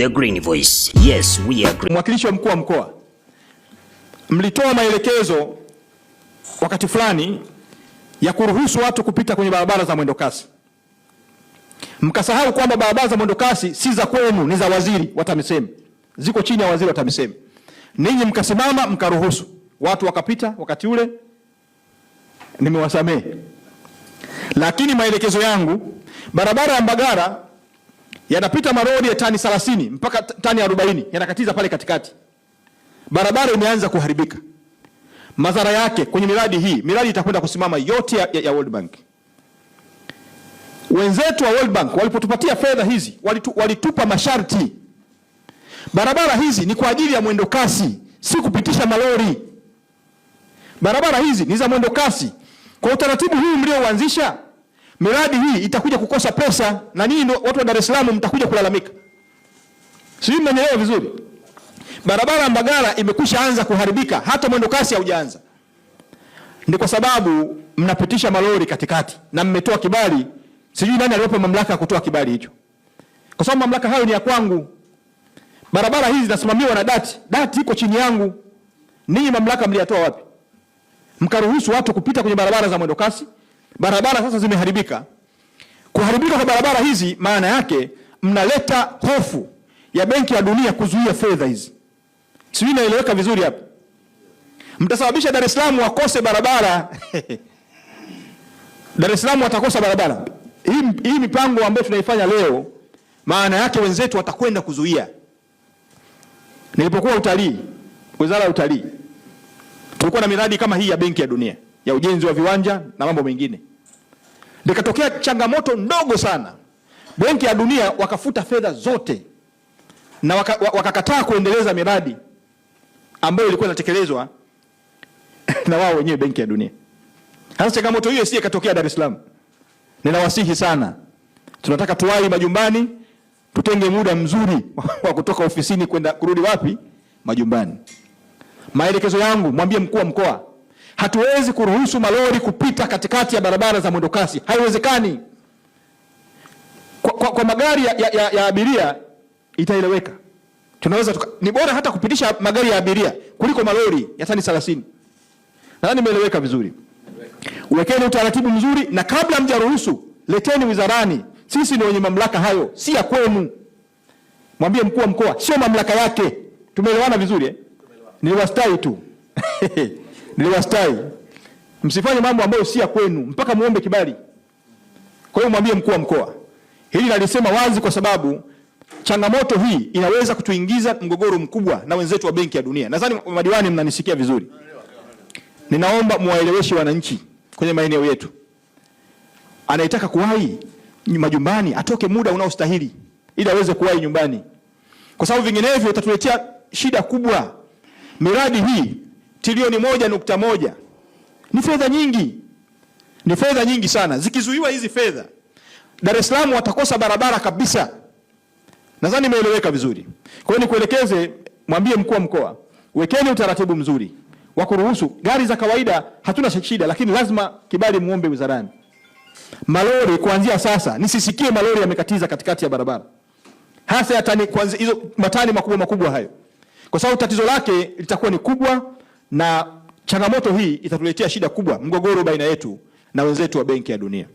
The Green Voice. Yes, we green. Mwakilishi wa mkuu wa mkoa, mlitoa maelekezo wakati fulani ya kuruhusu watu kupita kwenye barabara za mwendokasi, mkasahau kwamba barabara za mwendokasi si za kwenu, ni za waziri wa TAMISEMI, ziko chini ya waziri wa TAMISEMI. Ninyi mkasimama mkaruhusu watu wakapita, wakati ule nimewasamehe, lakini maelekezo yangu barabara ya Mbagara yanapita malori ya tani 30 mpaka tani 40 yanakatiza pale katikati, barabara imeanza kuharibika. Madhara yake kwenye miradi hii, miradi itakwenda kusimama yote ya, ya World Bank. Wenzetu wa World Bank walipotupatia fedha hizi walitu, walitupa masharti. Barabara hizi ni kwa ajili ya mwendo kasi, si kupitisha malori. Barabara hizi ni za mwendo kasi. Kwa utaratibu huu mliouanzisha miradi hii itakuja kukosa pesa na ninyi watu wa Dar es Salaam mtakuja kulalamika. Sijui mnanielewa vizuri. Barabara Mbagala imekwisha anza kuharibika, hata mwendo kasi haujaanza. Ni kwa sababu mnapitisha malori katikati na mmetoa kibali. Sijui nani aliyopa mamlaka ya kutoa kibali hicho, kwa sababu mamlaka hayo ni ya kwangu. Barabara hizi zinasimamiwa na dati, dati iko chini yangu. Ninyi mamlaka mliyatoa wapi mkaruhusu watu kupita kwenye barabara za mwendo kasi? Barabara sasa zimeharibika. Kuharibika kwa barabara hizi, maana yake mnaleta hofu ya Benki ya Dunia kuzuia fedha hizi. Sijui naeleweka vizuri hapa? Mtasababisha Dar es Salaam wakose barabara Dar es Salaam watakosa barabara hii. Hii mipango ambayo tunaifanya leo, maana yake wenzetu watakwenda kuzuia. Nilipokuwa utalii, wizara ya utalii, tulikuwa na miradi kama hii ya Benki ya Dunia ya ujenzi wa viwanja na mambo mengine. Likatokea changamoto ndogo sana, Benki ya Dunia wakafuta fedha zote na wakakataa waka kuendeleza miradi ambayo ilikuwa inatekelezwa na wao wenyewe Benki ya Dunia. Hasa changamoto hiyo isije ikatokea Dar es Salaam. Ninawasihi sana, tunataka tuwai majumbani, tutenge muda mzuri wa kutoka ofisini kwenda kurudi wapi majumbani. Maelekezo yangu, mwambie mkuu wa mkoa Hatuwezi kuruhusu malori kupita katikati ya barabara za mwendokasi, haiwezekani. Kwa, kwa, kwa magari ya, ya, ya abiria itaeleweka. Tunaweza tuka, ni bora hata kupitisha magari ya abiria kuliko malori ya tani 30. Nadhani nimeeleweka vizuri. Wekeni utaratibu mzuri, na kabla mjaruhusu, leteni wizarani. Sisi ni wenye mamlaka hayo, si ya kwenu. Mwambie mkuu wa mkoa sio mamlaka yake. Tumeelewana vizuri eh? Ni wastai tu Niliwastai, msifanye mambo ambayo si ya kwenu mpaka muombe kibali. Kwa hiyo mwambie mkuu wa mkoa, hili nalisema wazi kwa sababu changamoto hii inaweza kutuingiza mgogoro mkubwa na wenzetu wa Benki ya Dunia. Nadhani madiwani mnanisikia vizuri. Ninaomba muwaeleweshe wananchi kwenye maeneo yetu, anayetaka kuwahi majumbani atoke muda unaostahili ili aweze kuwahi nyumbani, kwa sababu vinginevyo itatuletea shida kubwa. Miradi hii trilioni moja nukta moja ni fedha nyingi, ni fedha nyingi sana. Zikizuiwa hizi fedha, Dar es Salaam watakosa barabara kabisa. Nadhani imeeleweka vizuri. Kwa hiyo nikuelekeze, mwambie mkuu wa mkoa, wekeni utaratibu mzuri wa kuruhusu gari za kawaida, hatuna shida, lakini lazima kibali muombe wizarani. Malori kuanzia sasa, nisisikie malori yamekatiza katikati ya barabara, hasa ya kuanzia hizo matani makubwa makubwa hayo, kwa sababu tatizo lake litakuwa ni kubwa na changamoto hii itatuletea shida kubwa, mgogoro baina yetu na wenzetu wa Benki ya Dunia.